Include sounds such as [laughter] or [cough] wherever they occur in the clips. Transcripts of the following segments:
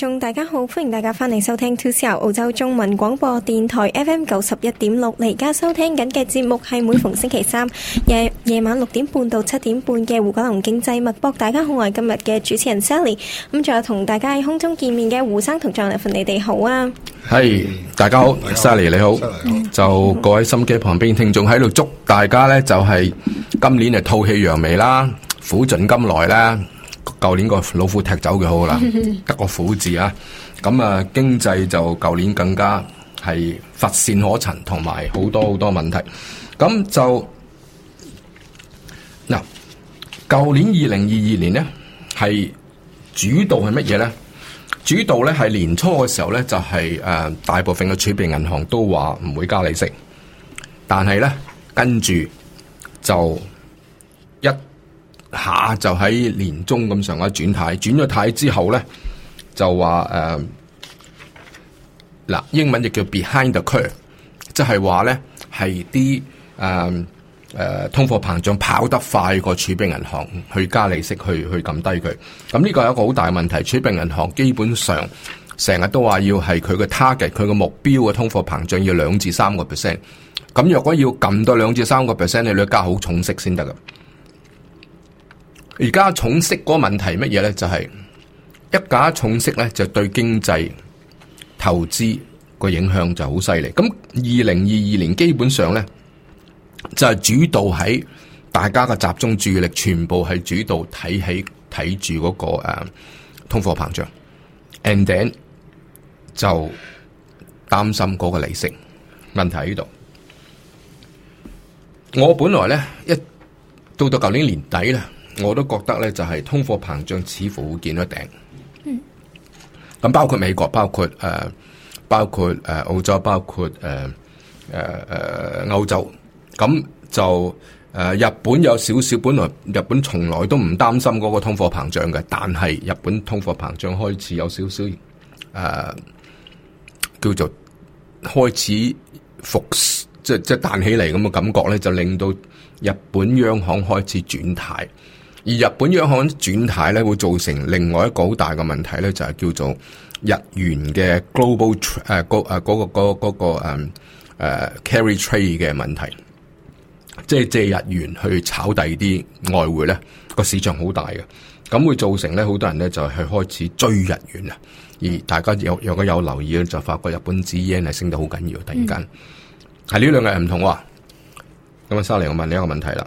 聽眾大家好，歡迎大家翻嚟收聽 2CR 澳洲中文廣播電台 F M 九十一點六。而家收聽緊嘅節目係每逢星期三夜夜晚六點半到七點半嘅胡嘉龍經濟脈搏。大家好，我係今日嘅主持人 Sally，咁仲有同大家喺空中見面嘅胡生同張麗芬，你哋好啊！係大家好，Sally 你好，就各位心機旁邊聽眾喺度祝大家呢，就係今年就吐氣揚眉啦，苦盡甘來啦。舊年個老虎踢走嘅好啦，得個虎字啊！咁啊，經濟就舊年更加係乏善可陳，同埋好多好多問題。咁就嗱，舊年二零二二年呢，係主導係乜嘢呢？主導呢係年初嘅時候呢，就係誒，大部分嘅儲備銀行都話唔會加利息，但係呢，跟住就。下就喺年中咁上下轉軚，轉咗軚之後咧，就話誒嗱英文就叫 behind the curve，即係話咧係啲誒誒通貨膨脹跑得快過儲備銀行去加利息去去撳低佢。咁、嗯、呢、這個係一個好大問題，儲備銀行基本上成日都話要係佢嘅 target，佢嘅目標嘅通貨膨脹要兩至三個 percent。咁若、嗯、果要撳到兩至三個 percent，你都要加好重息先得噶。而、就是、家重息嗰個問題乜嘢咧？就係一假重息咧，就對經濟投資個影響就好犀利。咁二零二二年基本上咧，就係、是、主導喺大家嘅集中注意力，全部係主導睇起睇住嗰個誒、啊、通貨膨脹，and then 就擔心嗰個利息問題喺呢度。我本來咧一到到舊年年底啦。我都覺得咧，就係通貨膨脹似乎會見到頂。嗯，咁包括美國，包括誒、呃，包括誒澳洲，包括誒誒誒歐洲。咁就誒、呃、日本有少少，本來日本從來都唔擔心嗰個通貨膨脹嘅，但係日本通貨膨脹開始有少少誒、呃、叫做開始復，即、就、即、是就是、彈起嚟咁嘅感覺咧，就令到日本央行開始轉軚。而日本央行轉軚咧，會造成另外一個好大嘅問題咧，就係叫做日元嘅 global 誒高誒嗰個嗰 carry trade 嘅問題，即係借日元去炒第二啲外匯咧，個市場好大嘅，咁會造成咧好多人咧就去開始追日元啊！而大家有如果有，有留意咧，就發覺日本紙煙係升得好緊要，突然間，嗯，係呢兩個唔同喎。咁啊，沙嚟，我問你一個問題啦。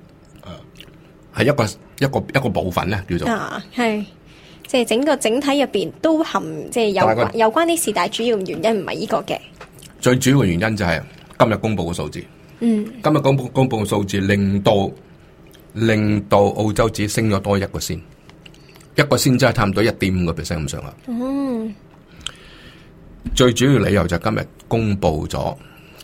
係一個一個一個部分咧，叫做啊，係即係整個整體入邊都含，即係有關，但係嗰個，有關啲事，但係主要原因唔係依個嘅。最主要嘅原因就係今日公布嘅數字，嗯，今日公公佈嘅數字令到令到澳洲只升咗多一個先，一個先真係差唔多一點五個 percent 咁上啦。嗯，最主要理由就係今日公布咗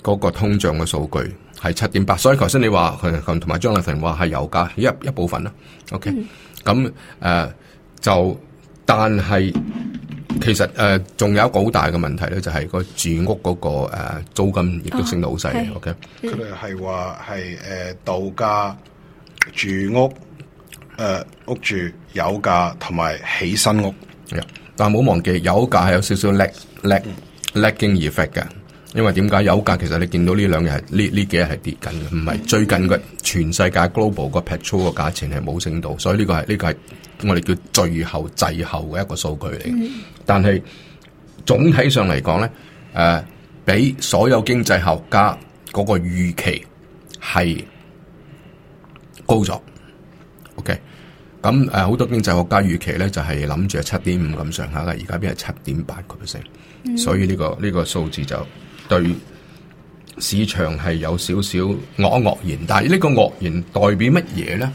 嗰個通脹嘅數據。係七點八，8, 所以頭先你話佢同埋張立群話係油價一一部分啦。OK，咁誒、嗯呃、就，但係其實誒仲、呃、有一個好大嘅問題咧，就係、是、個住屋嗰、那個誒、呃、租金亦都升到好細。Oh, OK，佢哋係話係誒度假住屋誒、呃、屋住油價同埋起新屋，嗯、但係冇忘記油價係有少少 lag lack, lag lack, lagging effect 嘅。因為點解油價其實你見到呢兩日呢呢幾日係跌緊嘅，唔係最近嘅全世界 global 個 petrol 個價錢係冇升到，所以呢個係呢、這個係我哋叫最後滯後嘅一個數據嚟。嗯、但係總體上嚟講咧、誒、呃，比所有經濟學家嗰個預期係高咗。OK，咁誒，好、呃、多經濟學家預期咧就係諗住七點五咁上下嘅，而家邊係七點八個 percent，所以呢、這個呢、這個數字就。對市場係有少少惡惡言，但係呢個惡言代表乜嘢咧？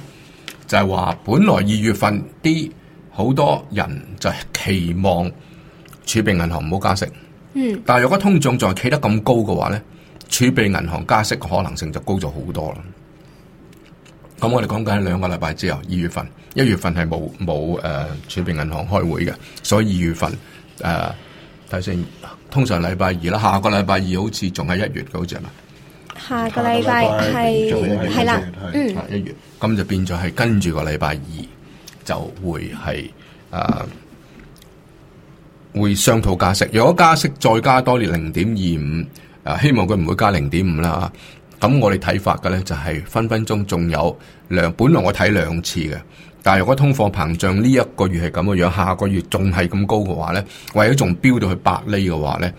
就係話，本來二月份啲好多人就係期望儲備銀行唔好加息，嗯，但係如果通脹再企得咁高嘅話咧，儲備銀行加息嘅可能性就高咗好多啦。咁我哋講緊兩個禮拜之後，二月份一月份係冇冇誒儲備銀行開會嘅，所以二月份誒。呃睇先通常禮拜二啦，下個禮拜二好似仲係一月嘅，好似係嘛？下個禮拜係係啦，的嗯，一月，咁就變咗係跟住個禮拜二就會係誒、啊，會商討加息。如果加息再加多啲零點二五，誒，希望佢唔會加零點五啦。咁我哋睇法嘅咧，就係分分鐘仲有兩，本來我睇兩次嘅。但係，如果通貨膨脹呢一個月係咁嘅樣，下個月仲係咁高嘅話咧，或者仲飆到去百厘嘅話咧，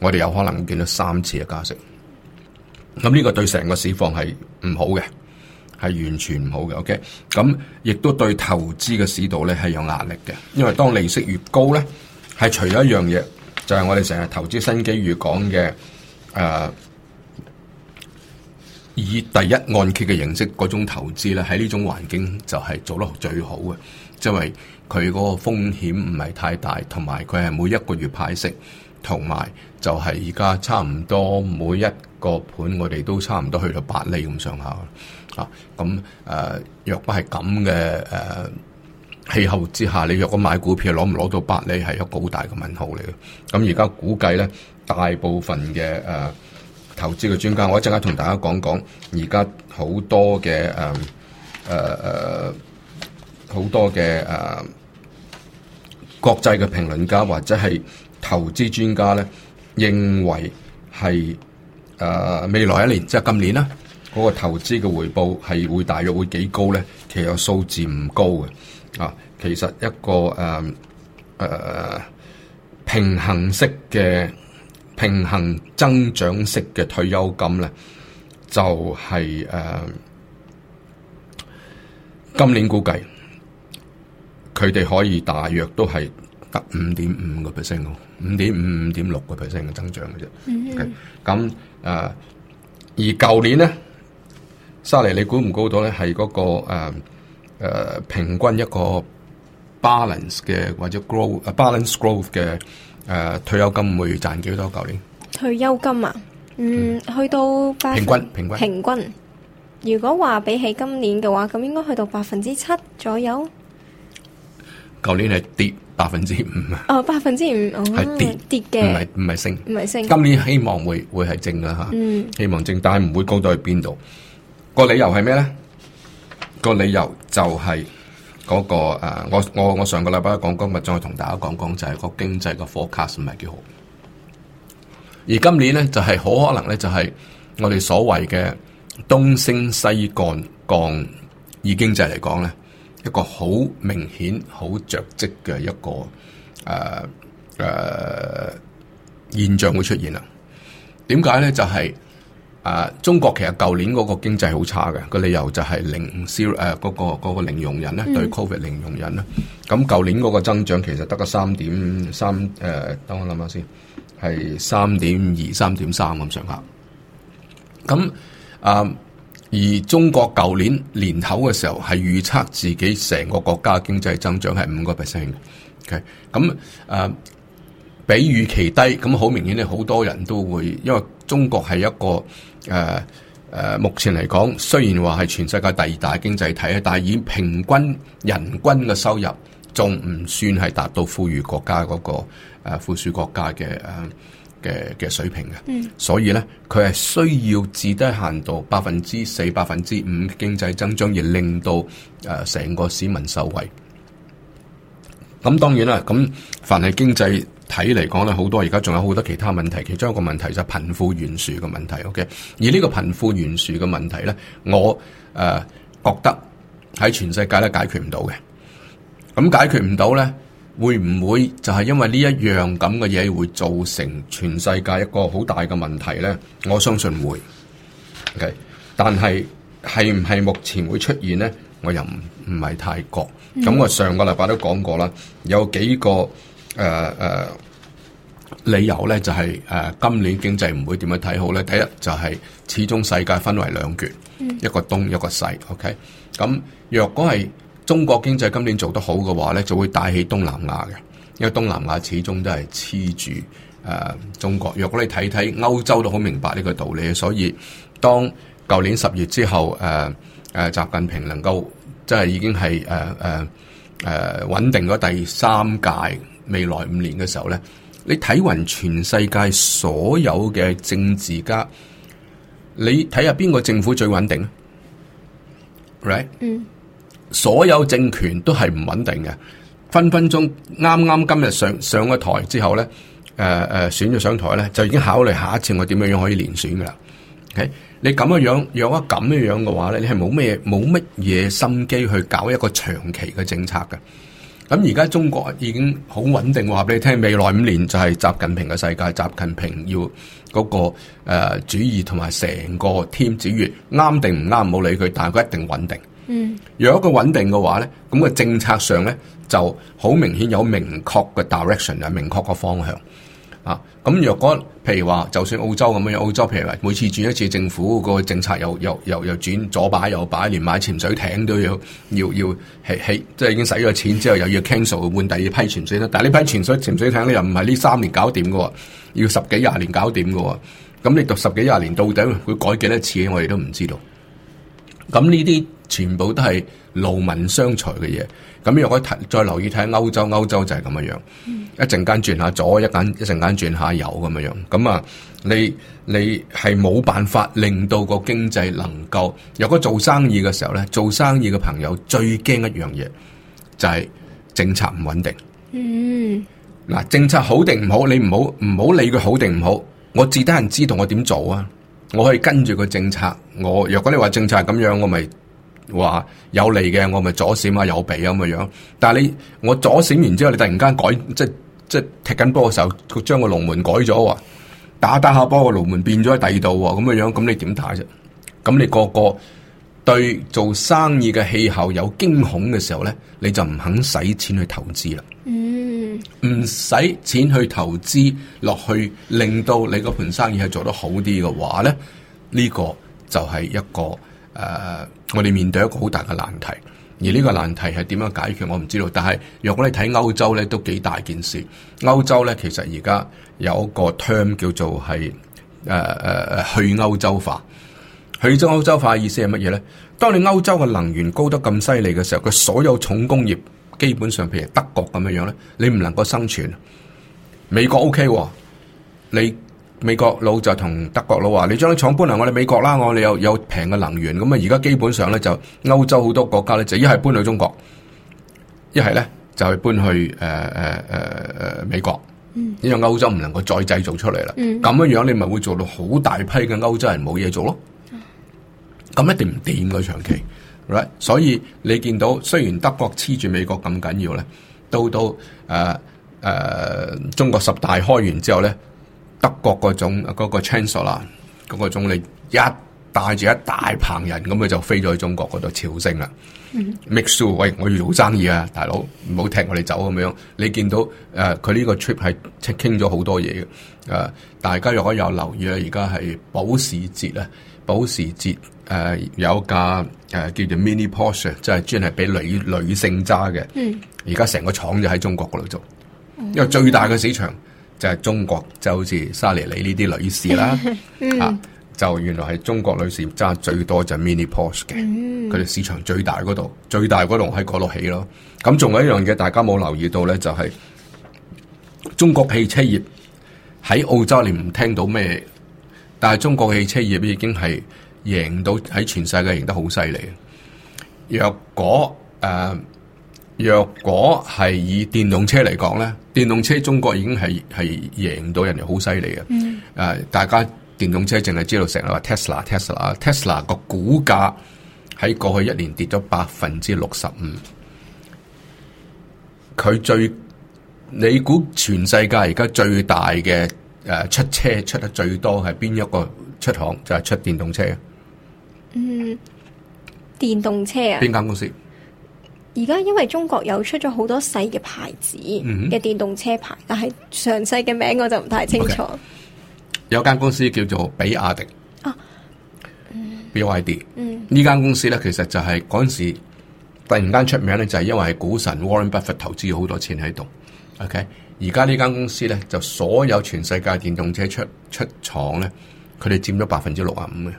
我哋有可能見到三次嘅加息。咁呢個對成個市況係唔好嘅，係完全唔好嘅。OK，咁亦都對投資嘅市道咧係有壓力嘅，因為當利息越高咧，係除咗一樣嘢，就係、是、我哋成日投資新機遇講嘅誒。呃以第一按揭嘅形式嗰種投資咧，喺呢種環境就係做得最好嘅，因為佢嗰個風險唔係太大，同埋佢係每一個月派息，同埋就係而家差唔多每一個盤我哋都差唔多去到八厘咁上下啊。咁誒、呃，若果係咁嘅誒氣候之下，你若果買股票攞唔攞到八厘係一個好大嘅問號嚟嘅。咁而家估計咧，大部分嘅誒。呃投資嘅專家，我一陣間同大家講講，而家好多嘅誒誒誒，好多嘅誒誒誒、國際嘅評論家或者係投資專家咧，認為係、誒、未來一年即係、即係、今年嗰、嗰個投資嘅回報係會大約會幾高咧？其實數字唔高嘅啊，其實一個、誒誒、平衡式嘅。平衡增長式嘅退休金咧，就係、是、誒、啊、今年估計佢哋可以大約都係得五點五個 percent 咯，五點五五點六個 percent 嘅增長嘅啫。咁誒、mm hmm. okay? 啊，而舊年咧，沙莉你估唔估到咧？係嗰、那個誒、啊啊、平均一個 balance 嘅或者 grow 誒 balance growth 嘅。誒，退休金會賺幾多？舊年退休金啊，嗯，去到平均平均平均。如果話比起今年嘅話，咁應該去到百分之七左右。舊年係跌百分之五啊！哦，百分之五，係跌跌嘅，唔係唔係升，唔係升。今年希望會會係正啦吓，希望正，但係唔會高到去邊度。個理由係咩咧？個理由就係。嗰、那個我我我上個禮拜講，今日再同大家講講，就係個經濟嘅 forecast 唔係幾好，而今年咧就係好可能咧，就係我哋所謂嘅東升西降降以經濟嚟講咧，一個好明顯、好着跡嘅一個誒誒、啊啊、現象會出現啦。點解咧？就係、是。啊！中國其實舊年嗰個經濟好差嘅，個理由就係零消誒嗰個嗰個零容忍咧，對 Covid 零容忍咧。咁嗯、舊年嗰個增長其實得個三點三誒，等我諗下先，係三點二、三點三咁上下。咁啊，而中國舊年年頭嘅時候係預測自己成個國家經濟增長係五個 percent 嘅。OK，咁啊。比預期低，咁好明顯咧，好多人都會，因為中國係一個誒誒、啊啊、目前嚟講，雖然話係全世界第二大經濟體，啊，但係以平均人均嘅收入，仲唔算係達到富裕國家嗰、那個、啊、富庶國家嘅誒嘅嘅水平嘅。嗯，所以咧，佢係需要至低限度百分之四、百分之五經濟增長，而令到誒成、啊、個市民受惠。咁當然啦，咁凡係經濟體嚟講咧，好多而家仲有好多其他問題，其中一個問題就係貧富懸殊嘅問題。O.K. 而呢個貧富懸殊嘅問題咧，我誒、呃、覺得喺全世界都解決唔到嘅。咁解決唔到咧，會唔會就係因為呢一樣咁嘅嘢會造成全世界一個好大嘅問題咧？我相信會。O.K. 但係。係唔係目前會出現呢？我又唔唔係太覺。咁我上個禮拜都講過啦，有幾個誒誒、呃呃、理由呢，就係、是、誒、呃、今年經濟唔會點樣睇好呢，第一就係、是、始終世界分為兩橛，嗯、一個東一個西。O K。咁若果係中國經濟今年做得好嘅話呢，就會帶起東南亞嘅，因為東南亞始終都係黐住誒中國。若果你睇睇歐洲都好明白呢個道理，所以當舊年十月之後，誒、呃、誒，呃、習近平能夠即係已經係誒誒誒穩定咗第三屆未來五年嘅時候咧，你睇匀全世界所有嘅政治家，你睇下邊個政府最穩定啊？Right，嗯，mm. 所有政權都係唔穩定嘅，分分鐘啱啱今日上上咗台之後咧，誒、呃、誒選咗上台咧，就已經考慮下一次我點樣樣可以連選噶啦。Okay? 你咁樣樣，養咁樣樣嘅話咧，你係冇咩冇乜嘢心機去搞一個長期嘅政策嘅。咁而家中國已經好穩定，話俾你聽，未來五年就係習近平嘅世界，習近平要嗰、那個、呃、主義同埋成個天子月啱定唔啱唔好理佢，但係佢一定穩定。嗯，如果佢穩定嘅話咧，咁、那個政策上咧就好明顯有明確嘅 direction 啊，明確嘅方向。咁若果譬如話，就算澳洲咁樣，澳洲譬如話，每次轉一次政府個政策又又又又轉左擺右擺，連買潛水艇都要要要起起，即係已經使咗錢之後又要 cancel 換第二批潛水艇啦。但係呢批潛水潛水艇咧又唔係呢三年搞掂嘅，要十幾廿年搞掂嘅喎。咁你讀十幾廿年到底會改幾多次，我哋都唔知道。咁呢啲。全部都係勞民傷財嘅嘢，咁若果睇再留意睇歐洲，歐洲就係咁樣樣，一陣間轉下左一陣一陣間轉下右咁樣樣，咁啊，你你係冇辦法令到個經濟能夠，若果做生意嘅時候咧，做生意嘅朋友最驚一樣嘢就係政策唔穩定。嗯，嗱，政策好定唔好，你唔好唔好理佢好定唔好，我自得人知道我點做啊，我可以跟住個政策，我若果你話政策咁樣，我咪。話有利嘅，我咪左閃下右避咁嘅樣。但係你我左閃完之後，你突然間改，即係即係踢緊波嘅時候，佢將個龍門改咗打打下波個龍門變咗喺第二度咁嘅樣，咁你點打啫？咁你個個對做生意嘅氣候有驚恐嘅時候咧，你就唔肯使錢去投資啦。嗯，唔使錢去投資落去，令到你個盤生意係做得好啲嘅話咧，呢個就係一個誒。呃我哋面對一個好大嘅難題，而呢個難題係點樣解決？我唔知道。但係若果你睇歐洲咧，都幾大件事。歐洲咧其實而家有一個 term 叫做係、啊啊、去歐洲化。去歐洲化嘅意思係乜嘢咧？當你歐洲嘅能源高得咁犀利嘅時候，佢所有重工業基本上譬如德國咁樣樣咧，你唔能夠生存。美國 OK，哦，你。美國佬就同德國佬話：你將啲廠搬嚟我哋美國啦，我哋有有平嘅能源。咁啊，而家基本上咧就歐洲好多國家咧，就一係搬去中國，一係咧就係搬去誒、呃、誒、呃、美國。因為歐洲唔能夠再製造出嚟啦。咁樣樣你咪會做到好大批嘅歐洲人冇嘢做咯。咁一定唔掂嘅長期，right？所以你見到雖然德國黐住美國咁緊要咧，到到誒誒中國十大開完之後咧。德國嗰種嗰、那個 Chancellor 嗰個總理，一帶住一大棚人咁佢就飛咗去中國嗰度、那個、朝聖啦。Mr.、Mm hmm. 喂，我要做生意啊，大佬唔好踢我哋走咁樣。你見到誒佢呢個 trip 係傾咗好多嘢嘅誒，大家如果有留意啊，而家係保時捷啊，mm hmm. 保時捷誒、呃、有一架誒、呃、叫做 Mini Porsche，即係專係俾女女性揸嘅。而家成個廠就喺中國嗰度做，因為最大嘅市場。就係中國，就好似沙尼莉呢啲女士啦，嚇、 [laughs] 嗯啊、就原來係中國女士揸最多就 mini Porsche 嘅，佢哋、嗯、市場最大嗰度，最大嗰度喺嗰度起咯。咁仲有一樣嘢，大家冇留意到咧，就係、是、中國汽車業喺澳洲，你唔聽到咩？但係中國汽車業已經係贏到喺全世界贏得好犀利。若果誒。呃若果係以電動車嚟講咧，電動車中國已經係係贏到人哋好犀利嘅。誒、嗯，大家電動車淨係知道成日話 Tesla，Tesla，Tesla 個股價喺過去一年跌咗百分之六十五。佢最你估全世界而家最大嘅誒出車出得最多係邊一個出行就係、是、出電動車？嗯，電動車啊？邊間公司？而家因為中國有出咗好多細嘅牌子嘅電動車牌，嗯、哼但係詳細嘅名我就唔太清楚。Okay. 有間公司叫做比亞迪啊，比亞迪，呢間 BYD、嗯、公司咧其實就係嗰陣時突然間出名咧，就係因為係股神 Warren Buffett 投資好多錢喺度。OK，而家呢間公司咧就所有全世界電動車出出廠咧，佢哋佔咗百分之六呀五嘅，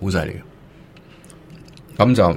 好犀利嘅。咁就。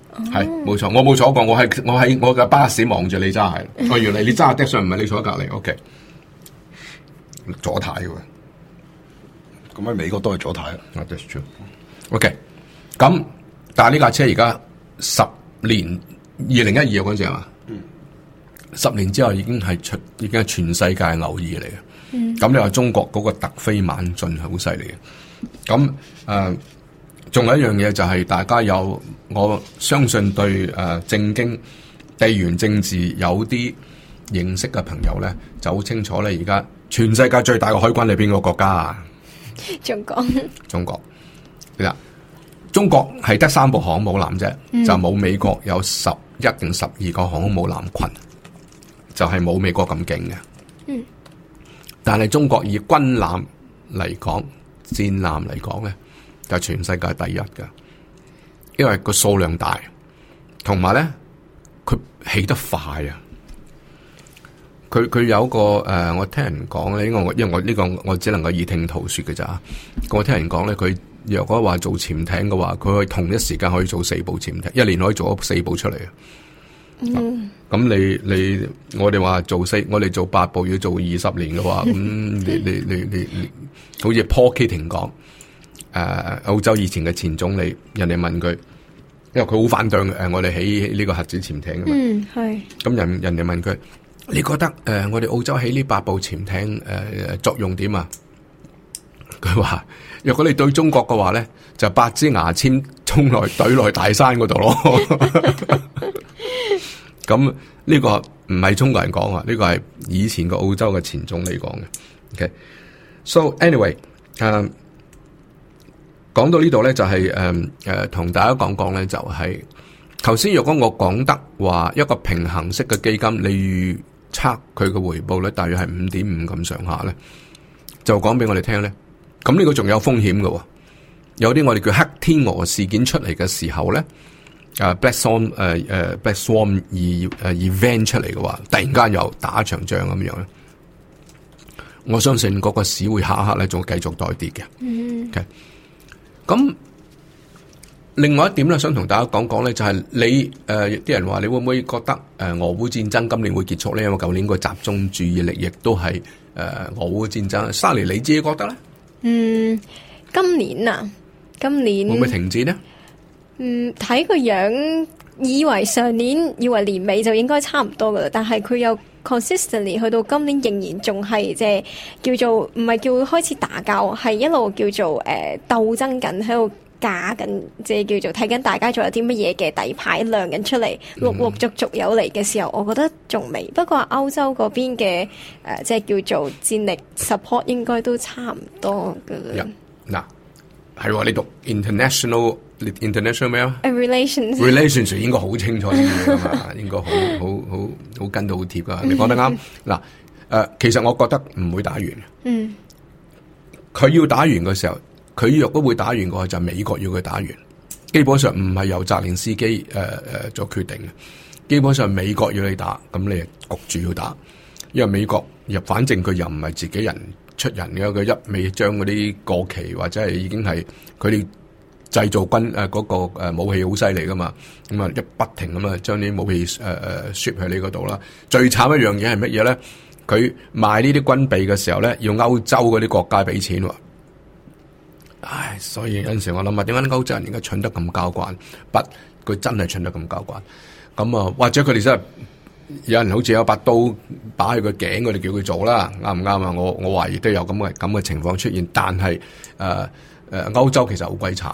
係冇錯，我冇坐過，我喺我喺我嘅巴士望住你揸係，原來 [laughs] 你揸、OK、的 d 上唔係你坐喺隔籬，O K，左軚嘅喎，咁喺美國都係左軚啊 OK，咁但係呢架車而家十年二零一二嗰陣係嘛，時嗯、十年之後已經係全已經係全世界留意嚟嘅。咁你話中國嗰個突飛猛進係好犀利嘅，咁誒。呃仲有一樣嘢，就係大家有我相信對誒正經地緣政治有啲認識嘅朋友咧，就好清楚咧。而家全世界最大嘅海軍係邊個國家啊？還說 中國，其實中國中國係得三部航母艦啫，嗯、就冇美國有十一定十二個航空母艦群，就係、是、冇美國咁勁嘅。嗯，但係中國以軍艦嚟講，戰艦嚟講嘅。全世界第一㗎，因為個數量大，同埋咧佢起得快啊！佢佢有個誒、呃，我聽人講咧，因為我因為我呢、這個我只能夠以聽途說嘅咋，我聽人講咧，佢若果話做潛艇嘅話，佢可以同一時間可以做四部潛艇，一年可以做咗四部出嚟、嗯、啊！咁你你我哋話做四，我哋做八部要做二十年嘅話，咁你你你你好似 Paul Keating 講。誒，uh, 澳洲以前嘅前總理，人哋問佢，因為佢好反對誒，我哋起呢個核子潛艇嘅嘛，嗯係，咁人人哋問佢，你覺得誒，uh, 我哋澳洲起呢八部潛艇誒、uh, 作用點啊？佢話，若果你對中國嘅話咧，就八支牙簽衝來懟內 [laughs] 大山嗰度咯。咁 [laughs] 呢個唔係中國人講啊，呢、這個係以前個澳洲嘅前總理講嘅。OK，so、okay. anyway，啊、uh,。講到呢度咧，就係誒誒，同、呃、大家講講咧，就係頭先若果我講得話，一個平衡式嘅基金，你預測佢嘅回報率大約係五點五咁上下咧，就講俾我哋聽咧。咁呢個仲有風險嘅，有啲我哋叫黑天鵝事件出嚟嘅時候咧，誒、啊、Black Swan 誒、啊、誒 Black Swan 二誒 event 出嚟嘅話，突然間又打一場仗咁樣咧。我相信嗰個市會下一刻咧，仲繼續再跌嘅。嗯。Okay? 咁另外一點咧，想同大家講講咧，就係、是、你誒啲、呃、人話，你會唔會覺得誒、呃、俄烏戰爭今年會結束咧？因為舊年個集中注意力亦都係誒俄烏戰爭，Sunny、嗯、你自己覺得咧？嗯，今年啊，今年會唔會停止呢？嗯，睇個樣，以為上年以為年尾就應該差唔多㗎喇，但係佢又～Consistently 去到今年仍然仲係即係叫做唔係叫開始打交，係一路叫做誒、呃、鬥爭緊喺度假緊，即係叫做睇緊大家仲有啲乜嘢嘅底牌亮緊出嚟，陸陸續續有嚟嘅時候，我覺得仲未。不過歐洲嗰邊嘅誒即係叫做戰力 support 應該都差唔多嘅。嗱，係我呢度 international。international 咩 relations relations 應該好清楚噶嘛， [laughs] 應該好好好好跟到好貼噶。你講得啱。嗱，誒，其實我覺得唔會打完。嗯。佢要打完嘅時候，佢若果會打完嘅話，就是、美國要佢打完。基本上唔係由澤連司機誒誒、呃、做決定嘅。基本上美國要你打，咁你焗住要打，因為美國又反正佢又唔係自己人出人嘅，佢一味將嗰啲過期或者係已經係佢哋。製造軍誒嗰、啊那個武器好犀利㗎嘛，咁啊一不停咁啊將啲武器誒誒 ship 喺你嗰度啦。最慘一樣嘢係乜嘢咧？佢賣呢啲軍備嘅時候咧，要歐洲嗰啲國家俾錢喎。唉，所以有陣時我諗啊，點解歐洲人而家蠢得咁交慣？不，佢真係蠢得咁交慣。咁、嗯、啊，或者佢哋真係有人好似有把刀擺喺佢個頸度，我哋叫佢做啦，啱唔啱啊？我我懷疑都有咁嘅咁嘅情況出現，但係誒誒歐洲其實好鬼慘。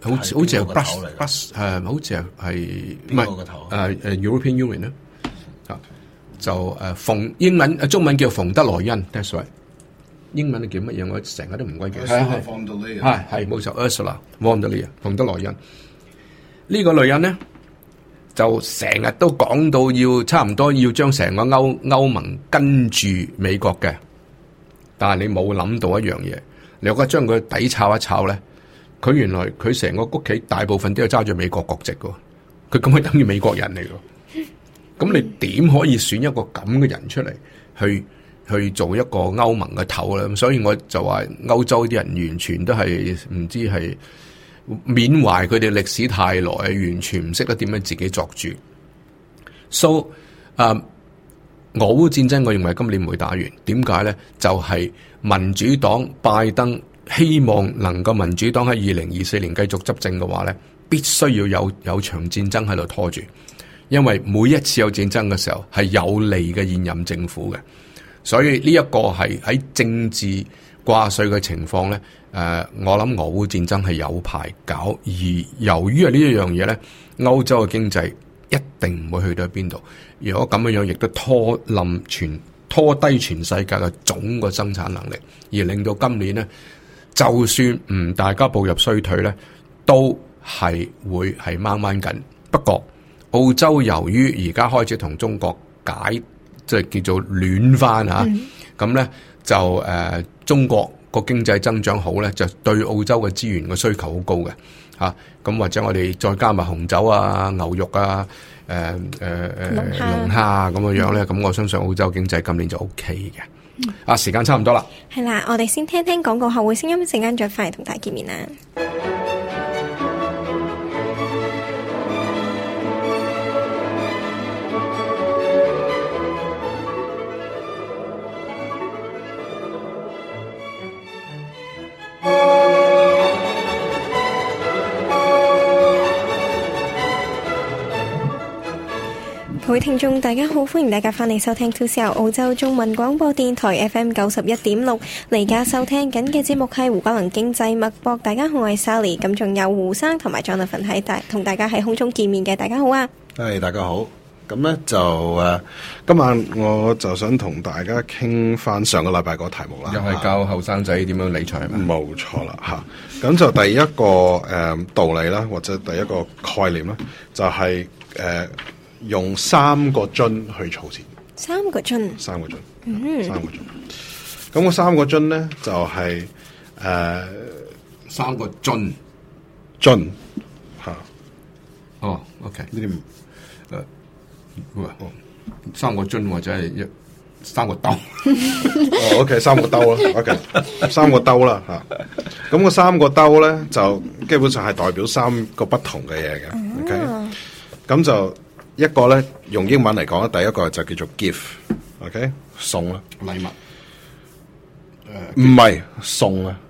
好似好似係 bus bus 誒，好似係邊個誒誒，European Union 啦，啊就誒馮英文誒中文叫馮德萊恩，that's right。英文叫乜嘢？我成日都唔記得。係馮德萊恩。係冇錯，Elsa，Wondley，馮德萊恩。呢個女人咧，就成日都講到要差唔多要將成個歐歐盟跟住美國嘅，但係你冇諗到一樣嘢，你覺得將佢底炒一炒咧？佢原來佢成個屋企大部分都係揸住美國國籍嘅，佢咁係等於美國人嚟咯。咁你點可以選一個咁嘅人出嚟去去做一個歐盟嘅頭咧？所以我就話歐洲啲人完全都係唔知係緬懷佢哋歷史太耐，完全唔識得點樣自己作主。So，啊，uh，俄烏戰爭我認為今年唔會打完。點解咧？就係、是，民主黨拜登。希望能夠民主黨喺二零二四年繼續執政嘅話呢，必須要有有場戰爭喺度拖住，因為每一次有戰爭嘅時候係有利嘅現任政府嘅，所以呢一個係喺政治掛帥嘅情況呢誒、呃，我諗俄烏戰爭係有排搞，而由於呢一樣嘢呢歐洲嘅經濟一定唔會去到邊度，如果咁樣樣亦都拖冧全拖低全世界嘅總個生產能力，而令到今年呢。就算唔大家步入衰退呢都係會係掹掹緊。不過澳洲由於而家開始同中國解，即、就、係、是、叫做暖翻吓。咁呢、嗯，啊、就誒、呃，中國個經濟增長好呢，就對澳洲嘅資源嘅需求好高嘅吓。咁、啊、或者我哋再加埋紅酒啊、牛肉啊、誒誒誒龍蝦啊咁嘅樣呢，咁我相信澳洲經濟今年就 O K 嘅。啊，時間差唔多啦，係啦，我哋先聽聽廣告後會聲音，一陣間再翻嚟同大家見面啦。各位聽眾，大家好，歡迎大家翻嚟收聽 TCL o s 澳洲中文廣播電台 FM 九十一點六。而家收聽緊嘅節目係胡嘉龍經濟脈搏，大家好，我係 Sally。咁仲有胡生同埋張立奮喺大，同大家喺空中見面嘅，大家好啊！係、hey, 大家好。咁呢就誒、啊，今晚我就想同大家傾翻上個禮拜個題目啦，又係教後生仔點樣理財冇錯啦吓。咁、啊啊、就第一個誒、啊、道理啦，或者第一個概念啦，就係、是、誒。啊用三個樽去儲錢，三個樽，三個樽，嗯，三個樽。咁三個樽咧就係誒三個樽樽嚇哦，OK 呢啲誒三個樽或者係一三個兜。哦，OK 三個兜啦，OK 三個兜啦嚇，咁三個兜咧就基本上係代表三個不同嘅嘢嘅，OK。咁就。一個咧用英文嚟講咧，第一個就叫做 give，OK，送啦，禮物。誒，唔係送啊，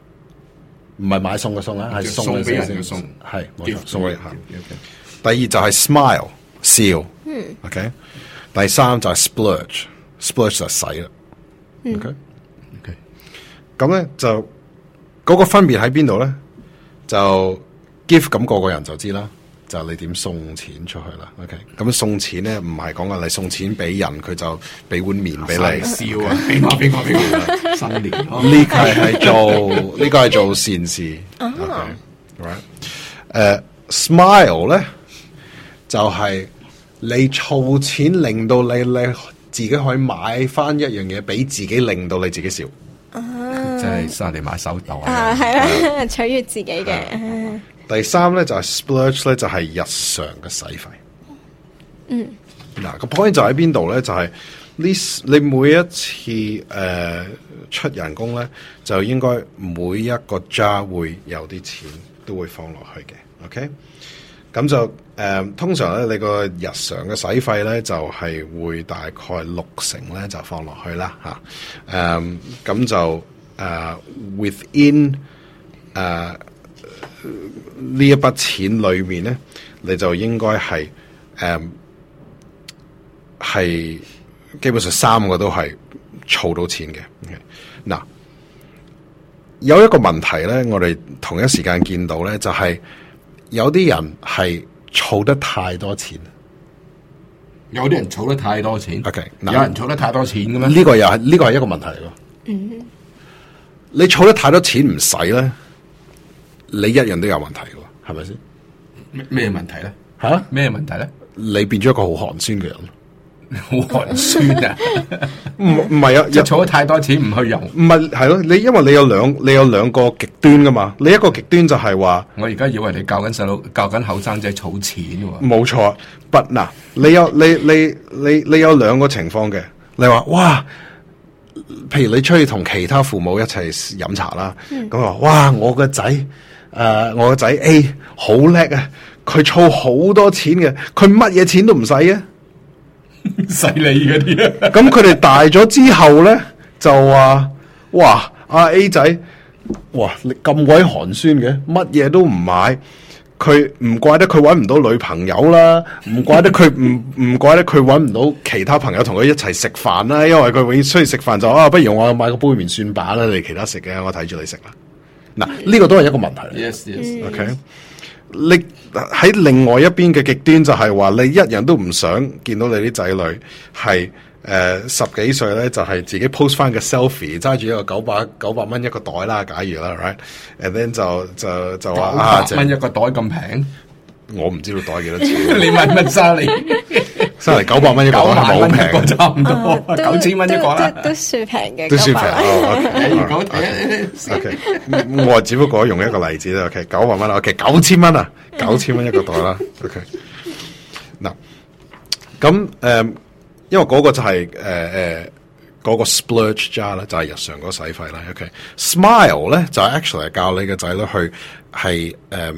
唔係買送嘅送啊，係送嘅意思。送係，冇錯。sorry，吓，OK。第二就係 smile，笑，OK。第三就係 splurge，splurge 就使啦，OK，OK。咁咧就嗰個分別喺邊度咧？就 give 咁個個人就知啦。就係你點送錢出去啦？OK，咁送錢咧唔係講嘅，你送錢俾人佢就俾碗面俾你笑啊！邊個邊個邊個新年呢？個係做呢個係做善事。OK，right？Okay. 啊、誒、uh,，smile 咧就係、是、你儲錢令到你你自己可以買翻一樣嘢俾自己，令到你自己笑。啊、即係生日買手袋啊，係啦、啊，啊、取悅自己嘅。第三咧就係、是、splurge 咧就係、是、日常嘅使費，嗯，嗱個 point 就喺邊度咧？就係、是、呢你每一次誒、呃、出人工咧，就應該每一個 jar 會有啲錢都會放落去嘅，OK？咁就誒、呃、通常咧，你個日常嘅使費咧，就係、是、會大概六成咧就放落去啦嚇，誒、啊、咁、呃、就誒、呃、within 誒、呃。呢一筆錢裏面咧，你就應該係誒係基本上三個都係儲到錢嘅。Okay? 嗱，有一個問題咧，我哋同一時間見到咧，就係、是、有啲人係儲得太多錢，有啲人儲得太多錢。OK，now，有人儲得太多錢嘅咩？呢個又係呢個係一個問題咯。嗯，你儲得太多錢唔使咧？你一樣都有問題喎，係咪先？咩問題咧？吓？咩問題咧？你變咗一個好寒酸嘅人，好 [laughs] 寒酸啊！唔唔係啊，你儲咗太多錢唔去用，唔係係咯？你因為你有兩，你有兩個極端噶嘛？啊、你一個極端就係話，我而家以為你教緊細路，教緊後生仔儲錢喎、啊。冇錯，但嗱，你有你你你你有兩個情況嘅，你話哇，譬如你出去同其他父母一齊飲茶啦，咁話、嗯、哇，我個仔。誒，uh, 我個仔 A 好叻啊！佢儲好多錢嘅，佢乜嘢錢都唔使啊，犀利嗰啲。咁佢哋大咗之後咧，就話，哇，阿 A 仔，哇，你咁鬼寒酸嘅，乜嘢都唔買。佢唔怪得佢搵唔到女朋友啦，唔 [laughs] 怪得佢唔唔怪得佢搵唔到其他朋友同佢一齊食飯啦，因為佢會出去食飯就啊，不如我買個杯麵算把啦，你其他食嘅我睇住你食啦。嗱，呢、呢個都係一個問題。Yes, yes. Yes. OK，你喺另外一邊嘅極端就係話，你一樣都唔想見到你啲仔女係、呃、十幾歲咧，就係、係、自己 post 翻個 selfie，揸住一個九百九百蚊一個袋啦，假如啦，right，and then 就就就話啊，九百蚊一個袋咁平、啊，我唔知道袋幾多錢， [laughs] 你問乜沙你？ [laughs] 收嚟九百蚊一個袋係咪、啊，好平嘅差唔多，九千蚊一個啦，都算平嘅，都算平，九百。我只不過用一個例子啦，OK 九百蚊啦，o k 九千蚊啊，九千蚊一個袋啦、啊。O K，嗱，咁、呃、誒，因為嗰個就係誒誒，嗰、呃那個 splurge jar 咧、okay,，就係日常嗰個使費啦。O K，smile 咧就係 actually 教你嘅仔女去係誒、呃，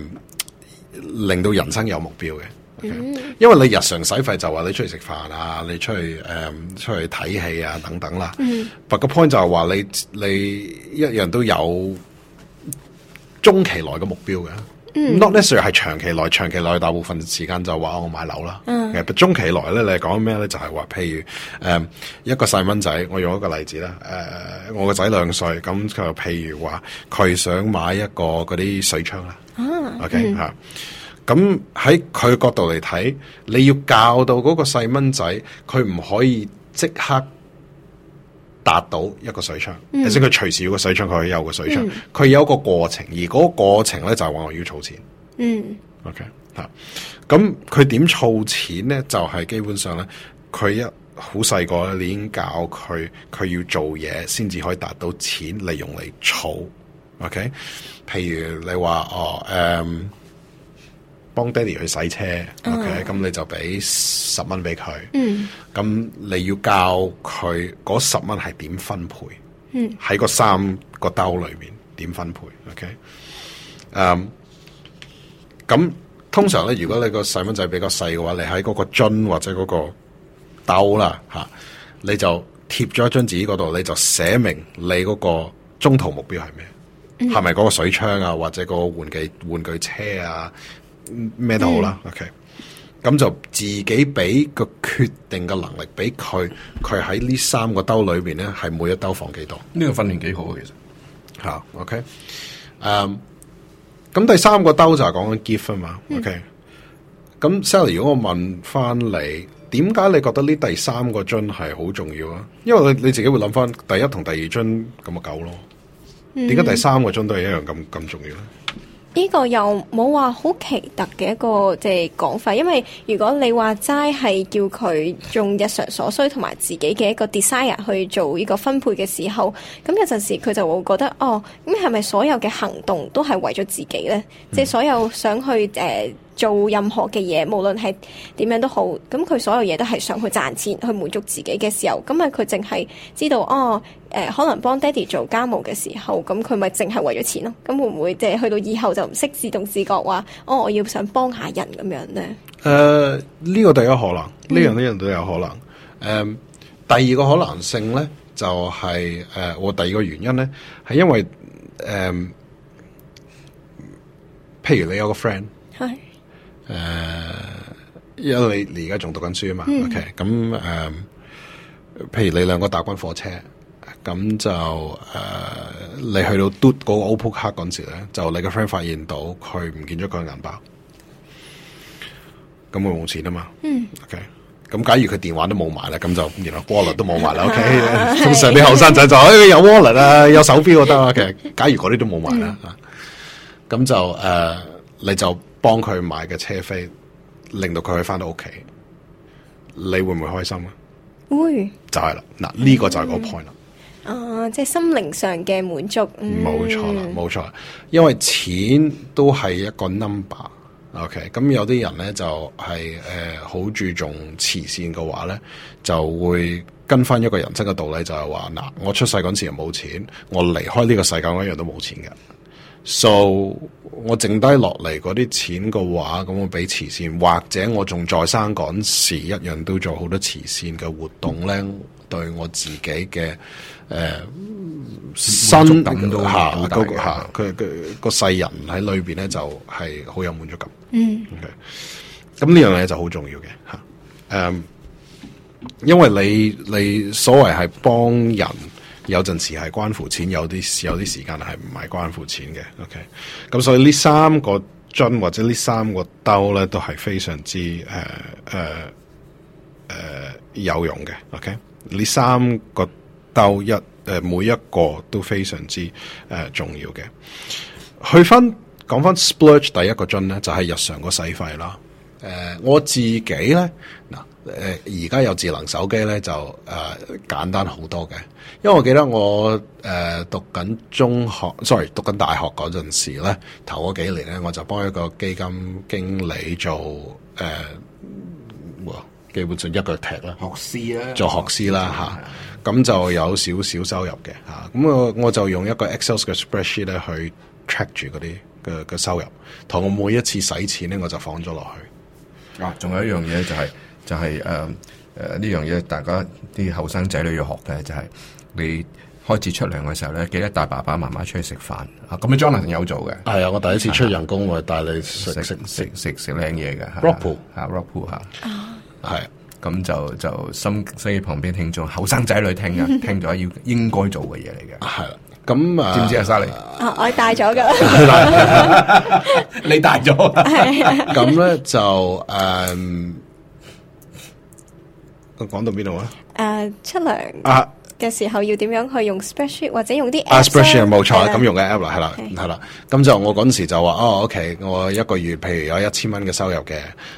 令到人生有目標嘅。Okay, 因為你日常使費就話你出去食飯啊，你出去誒、嗯、出去睇戲啊等等啦。嗯，but the point 就係話你你一樣都有中期內嘅目標嘅。嗯，not necessarily 係長期內，長期內大部分時間就話我買樓啦嗯 okay，就是。嗯，中期內咧你講咩咧就係話，譬如誒一個細蚊仔，我用一個例子啦。誒、呃，我個仔兩歲，咁就譬如話佢想買一個嗰啲水槍啦。OK 吓。Okay, 嗯 yeah, 咁喺佢角度嚟睇，你要教到嗰個細蚊仔，佢唔可以即刻達到一個水槍，即使佢隨時要個水槍，佢有個水槍，佢、嗯、有個過程，而嗰個過程咧就係、是，話我要儲錢。嗯，OK 吓、嗯，咁佢點儲錢咧？就係、是、基本上咧，佢一好細個咧，你已經教佢佢要做嘢，先至可以達到錢嚟用嚟儲。OK，譬如你話哦，誒、um,。幫爹哋去洗車，OK？咁、oh. 你就俾十蚊俾佢，咁、mm. 你要教佢嗰十蚊係點分配？喺個三個兜裏面點分配？OK？誒，咁通常咧，如果你個細蚊仔比較細嘅話，你喺嗰個樽或者嗰個兜啦吓，你就貼咗一張紙嗰度，你就寫明你嗰個中途目標係咩？係咪嗰個水槍啊，或者個玩具玩具車啊？咩都好啦、嗯、，OK，咁就自己俾個決定嘅能力俾佢，佢喺呢三個兜裏邊咧，係每一兜放幾多？呢個訓練幾好嘅、嗯、其實，吓、嗯、OK，誒，咁第三個兜就係講緊結婚嘛、嗯、，OK，咁 Sally，如果我問翻你，點解你覺得呢第三個樽係好重要啊？因為你你自己會諗翻，第一同第二樽咁咪夠咯，點解第三個樽都係一樣咁咁重要咧？嗯呢個又冇話好奇特嘅一個即係講法，因為如果你話齋係叫佢用日常所需同埋自己嘅一個 desire 去做呢個分配嘅時候，咁有陣時佢就會覺得哦，咁係咪所有嘅行動都係為咗自己咧？即係、嗯、所有想去誒。呃做任何嘅嘢，無論係點樣都好，咁佢所有嘢都係想去賺錢，去滿足自己嘅時候，咁啊佢淨係知道哦，誒、呃，可能幫爹哋做家務嘅時候，咁佢咪淨係為咗錢咯？咁會唔會即係去到以後就唔識自動自覺話，哦，我要想幫下人咁樣咧？誒、呃，呢個第一可能，呢樣呢樣都有可能。誒、嗯，第二個可能性咧，就係、是、誒、呃，我第二個原因咧，係因為誒、呃，譬如你有個 friend 係。誒，uh, 因為你而家仲讀緊書啊嘛、嗯、，OK，咁誒，uh, 譬如你兩個搭緊火車，咁就誒，uh, 你去到嘟嗰個 Opal card 嗰陣時咧，就你個 friend 發現到佢唔見咗佢個銀包，咁我冇錢啊嘛、嗯、，OK，咁假如佢電話都冇埋咧，咁就原來 wallet 都冇埋啦，OK，通常啲後生仔就誒、 [laughs] 哎、有 wallet 啊，有手錶就得啊，其實假如嗰啲都冇埋啦，咁就誒，你就。幫佢買嘅車飛，令到佢可以翻到屋企，你會唔會開心啊？會就係啦，嗱呢個就係個 point 啦、嗯。啊，即係心靈上嘅滿足。冇錯啦，冇錯。因為錢都係一個 number。OK，咁有啲人咧就係誒好注重慈善嘅話咧，就會跟翻一個人生嘅道理，就係話嗱，我出世嗰陣時又冇錢，我離開呢個世界一樣都冇錢嘅。So，我剩低落嚟嗰啲錢嘅話，咁我俾慈善，或者我仲再生趕時，一樣都做好多慈善嘅活動咧，對我自己嘅誒，滿、呃、足感都好大嘅吓。佢佢個世人喺裏邊咧，就係、是、好有滿足感。嗯，OK，咁呢樣嘢就好重要嘅吓。誒、啊嗯，因為你你所謂係幫人。有陣時係關乎錢，有啲有啲時間係唔係關乎錢嘅。OK，咁所以呢三個樽或者呢三個兜咧，都係非常之誒誒、呃呃呃、有用嘅。OK，呢三個兜一、呃、每一個都非常之誒、呃、重要嘅。去翻講翻 Splurge 第一個樽咧，就係、是、日常個使費啦。誒、呃，我自己咧。誒而家有智能手機咧，就誒、呃、簡單好多嘅。因為我記得我誒、呃、讀緊中學 sorry 讀緊大學嗰陣時咧，頭嗰幾年咧，我就幫一個基金經理做誒、呃，基本上一腳踢啦，學,啊、學師啦，做學師啦。咁就有少少收入嘅。咁我我就用一個 Excel 嘅 spreadsheet 咧去 check 住嗰啲嘅嘅收入，同我每一次使錢咧，我就放咗落去。啊，仲有一樣嘢就係、是。 [laughs] 就係誒誒呢樣嘢，大家啲後生仔女要學嘅就係你開始出糧嘅時候咧，記得帶爸爸媽媽出去食飯啊！咁你 Johnny 有做嘅？係啊，我第一次出人工我帶你食食食食食靚嘢嘅 rock pool 嚇 rock pool 嚇。咁就就心聲旁邊聽眾後生仔女聽啊，聽咗要應該做嘅嘢嚟嘅，係啦。咁啊，知唔知啊，莎莉我帶咗噶，你帶咗，咁咧就誒。講到邊度啊？誒，uh, 出糧啊嘅時候要點樣去用 spreadsheet，uh, 或者用啲 spreadsheet？冇錯，咁、uh, 了用嘅 app 啦，係啦對，係啦。咁就我嗰時就話哦，OK，我一個月譬如有一千蚊嘅收入嘅，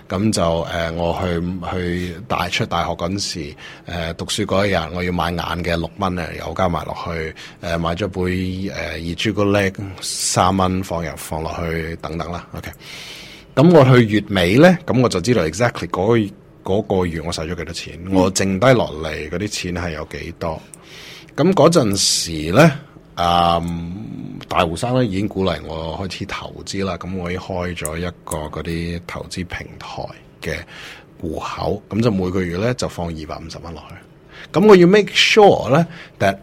咁就誒、呃，我去去大出大學嗰時誒、呃，讀書嗰一日我要買眼嘅六蚊咧，又加埋落去誒、呃，買咗杯誒熱朱古力三蚊，放入放落去等等啦。OK，咁我去月尾咧，咁我就知道 exactly 嗰。嗰個月我使咗幾多錢，嗯、我剩低落嚟嗰啲錢係有幾多？咁嗰陣時咧、嗯，大胡生咧已經鼓勵我開始投資啦。咁我已經開咗一個嗰啲投資平台嘅戶口，咁就每個月呢就放二百五十蚊落去。咁我要 make sure 呢 that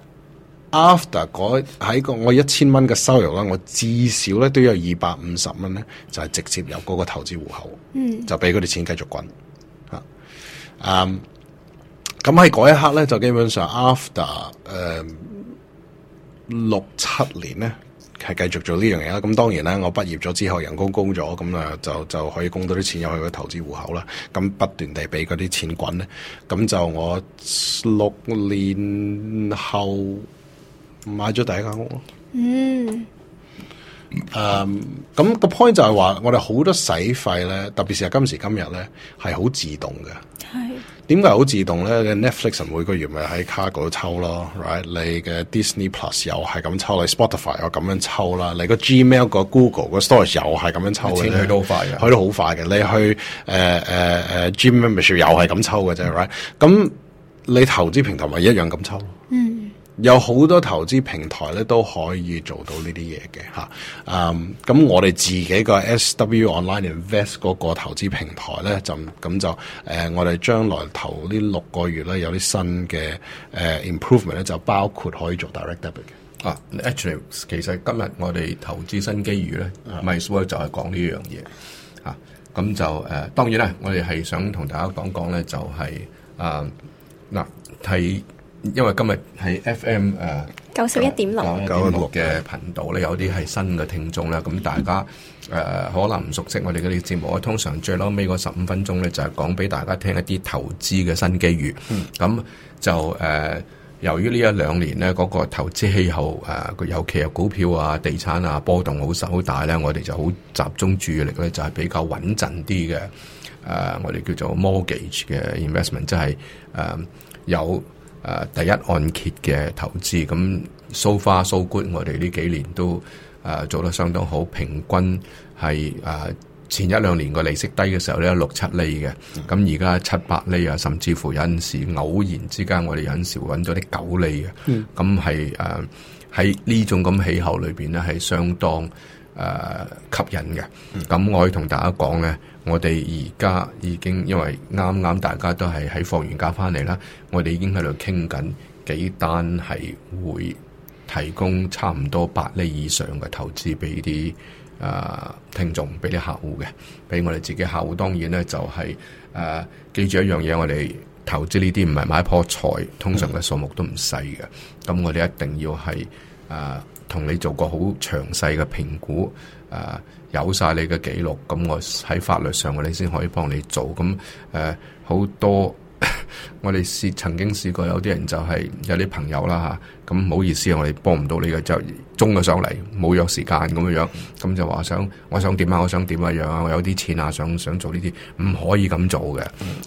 after 嗰喺個我一千蚊嘅收入啦，我至少呢都有二百五十蚊呢，就係、是、直接由嗰個投資戶口，嗯，就俾嗰啲錢繼續滾。嗯，咁喺嗰一刻咧，就基本上 after 誒六七年咧，係繼續做呢樣嘢啦。咁當然啦，我畢業咗之後，人工高咗，咁啊就就可以供到啲錢入去個投資戶口啦。咁不斷地俾嗰啲錢滾咧，咁就我六年後買咗第一間屋。嗯。誒，咁、um, 個 point 就係話，我哋好多使費咧，特別是係今時今日咧，係好自動嘅。係是，點解好自動咧？嘅 Netflix 每個月咪喺卡嗰度抽咯，right？你嘅 Disney Plus 又係咁抽，你 Spotify 又咁樣抽啦，你個 Gmail 個 Google 個 Storage 又係咁樣抽，去到好快嘅，哪你去都好快嘅。你去誒誒誒 Gmail 又係咁抽嘅啫，right？咁你投資平台咪一樣咁抽。嗯。有好多投資平台咧都可以做到呢啲嘢嘅嚇，嗯、啊，咁我哋自己個 SW Online Invest 嗰個投資平台咧、嗯、就咁就誒、呃，我哋將來頭呢六個月咧有啲新嘅誒、呃、improvement 咧就包括可以做 direct debit 嘅啊。Actually，其實今日我哋投資新機遇咧、嗯、MySworld 就係講呢樣嘢嚇，咁、啊、就誒、呃，當然啦，我哋係想同大家講講咧，就係、是、啊嗱睇。因為今日喺 FM 誒九十一點六九六嘅頻道咧，有啲係新嘅聽眾咧，咁大家誒、呃、可能唔熟悉我哋嗰啲節目咧。我通常最撈尾嗰十五分鐘咧，就係、是、講俾大家聽一啲投資嘅新機遇。咁就誒、呃，由於呢一兩年咧，嗰、那個投資氣候誒、呃，尤其係股票啊、地產啊波動好實好大咧，我哋就好集中注意力咧，就係、是、比較穩陣啲嘅誒，我哋叫做 mortgage 嘅 investment，即、就、係、是、誒、呃、有。誒第一按揭嘅投資，咁 so far so good，我哋呢幾年都誒做得相當好，平均係誒前一兩年個利息低嘅時候咧，六七厘嘅，咁而家七八厘啊，甚至乎有陣時偶然之間，我哋有陣時會揾到啲九厘嘅，咁係誒喺呢種咁氣候裏面咧係相當誒吸引嘅，咁我要同大家講咧。我哋而家已經因為啱啱大家都係喺放完假翻嚟啦，我哋已經喺度傾緊幾單係會提供差唔多百厘以上嘅投資俾啲啊聽眾，俾啲客戶嘅，俾我哋自己客戶當然咧就係、是、誒、呃、記住一樣嘢，我哋投資呢啲唔係買一棵菜，通常嘅數目都唔細嘅，咁我哋一定要係誒同你做個好詳細嘅評估。誒，有晒你嘅記錄，咁我喺法律上我哋先可以幫你做。咁誒，好、呃、多我哋試曾經試過有啲人就係、是、有啲朋友啦吓，咁唔好意思，我哋幫唔到你嘅，就中咗上嚟冇約時間咁樣樣，咁就話想我想點啊，我想點啊樣啊，我有啲錢啊，想想做呢啲，唔可以咁做嘅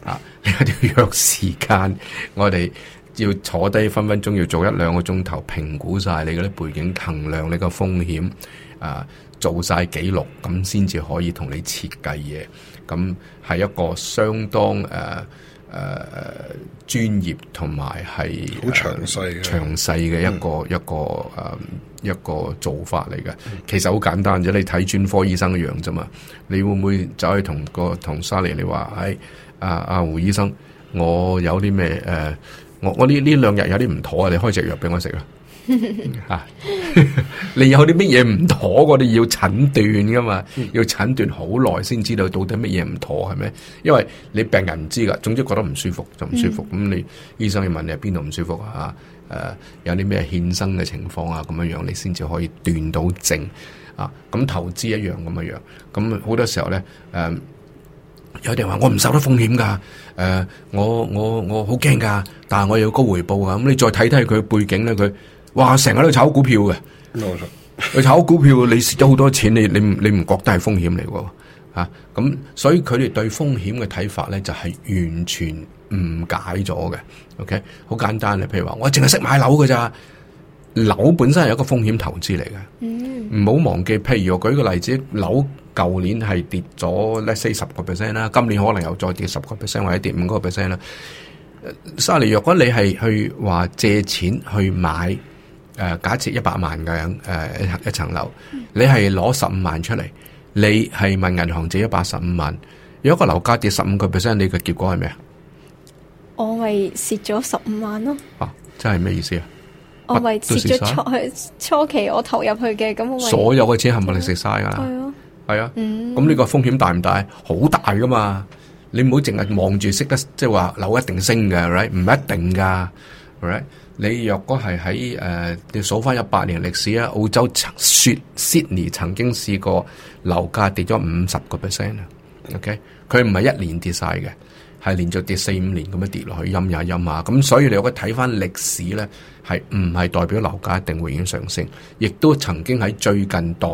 啊，你一定要約時間，我哋。要坐低，分分鐘要做一兩個鐘頭，評估晒你嗰啲背景，衡量你嘅風險，啊、呃，做晒記錄，咁先至可以同你設計嘢。咁係一個相當誒誒專業同埋係好詳細、詳細嘅一個、嗯、一個誒、呃、一個做法嚟嘅。其實好簡單啫，你睇專科醫生一樣啫嘛。你會唔會走去同個同莎莉你話，誒、哎、啊阿胡醫生，我有啲咩誒？啊我我呢呢兩日有啲唔妥啊！你開隻藥俾我食啦，你有啲乜嘢唔妥？我哋要診斷噶嘛，嗯、要診斷好耐先知道到底乜嘢唔妥係咪？因為你病人唔知噶，總之覺得唔舒服就唔舒服。咁、嗯、你醫生要問你喺邊度唔舒服啊？誒、啊，有啲咩欠生嘅情況啊？咁樣樣你先至可以斷到症啊！咁投資一樣咁樣樣，咁好多時候咧，啊有啲人話我唔受得風險噶，誒、呃，我我我好驚噶，但係我有高回報啊。咁你再睇睇佢背景咧，佢哇成日都炒股票嘅，佢 [laughs] 炒股票，你蝕咗好多錢，你你你唔覺得係風險嚟喎？吓、啊、咁，所以佢哋對風險嘅睇法咧，就係、是、完全誤解咗嘅。OK，好簡單，你譬如話我淨係識買樓噶咋，樓本身係一個風險投資嚟嘅，唔好、嗯、忘記。譬如我舉個例子，樓。舊年係跌咗，let's say 四十個 percent 啦。今年可能又再跌十個 percent，或者跌五個 percent 啦。沙尼，若果你係去話借錢去買誒，假設一百、嗯、萬嘅樣誒一層樓，你係攞十五萬出嚟，你係問銀行借一百十五萬，如果個樓價跌十五個 percent，你嘅結果係咩啊？我咪蝕咗十五萬咯。哦，真係咩意思啊？我咪蝕咗初初,初期我投入去嘅咁，所有嘅錢係咪你食晒噶啦？係啊，咁呢個風險大唔大？好大噶嘛！你唔好淨係望住識得，即係話樓一定升嘅，right? 唔一定噶。Right? 你若果係喺誒，你數翻一百年歷史啊，澳洲曾雪 Sydney 曾經試過樓價跌咗五十個 percent 啊。OK，佢唔係一年跌晒嘅。係連續跌四五年咁樣跌落去，陰也陰啊！咁所以你如果睇翻歷史咧，係唔係代表樓價一定會上升？亦都曾經喺最近代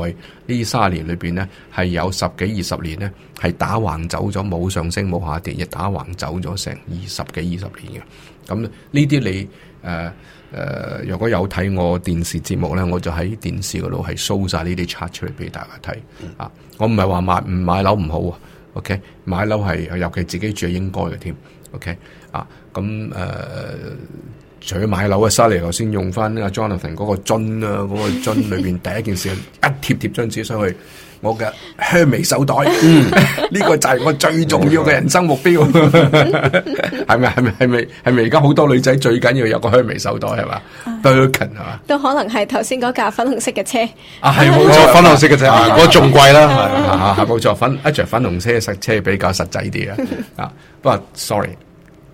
呢三十年裏面咧，係有十幾二十年咧係打橫走咗，冇上升冇下跌，亦打橫走咗成二十幾二十年嘅。咁呢啲你誒、呃呃、如果有睇我電視節目咧，我就喺電視嗰度係 show 晒呢啲出嚟俾大家睇、嗯、啊！我唔係話買唔買樓唔好 OK，買樓係尤其自己住應該嘅添。OK，啊，咁誒、呃，除咗買樓嘅沙利，頭先用翻阿 Jonathan 嗰個樽啊，嗰 [laughs] 個樽裏面，第一件事一貼貼張紙上去。 [laughs] 我嘅香味手袋，呢、 [laughs] 嗯這個就係我最重要嘅人生目標，係咪？ [laughs] 係咪？係咪？係咪？而家好多女仔最緊要有個香味手袋，係嘛 Birkin 係嘛？都可能係頭先嗰架粉紅色嘅車啊，係冇錯，粉紅色嘅車嗰仲貴啦，係冇錯，粉一着粉紅車實車比較實際啲啊，不過 [laughs] sorry。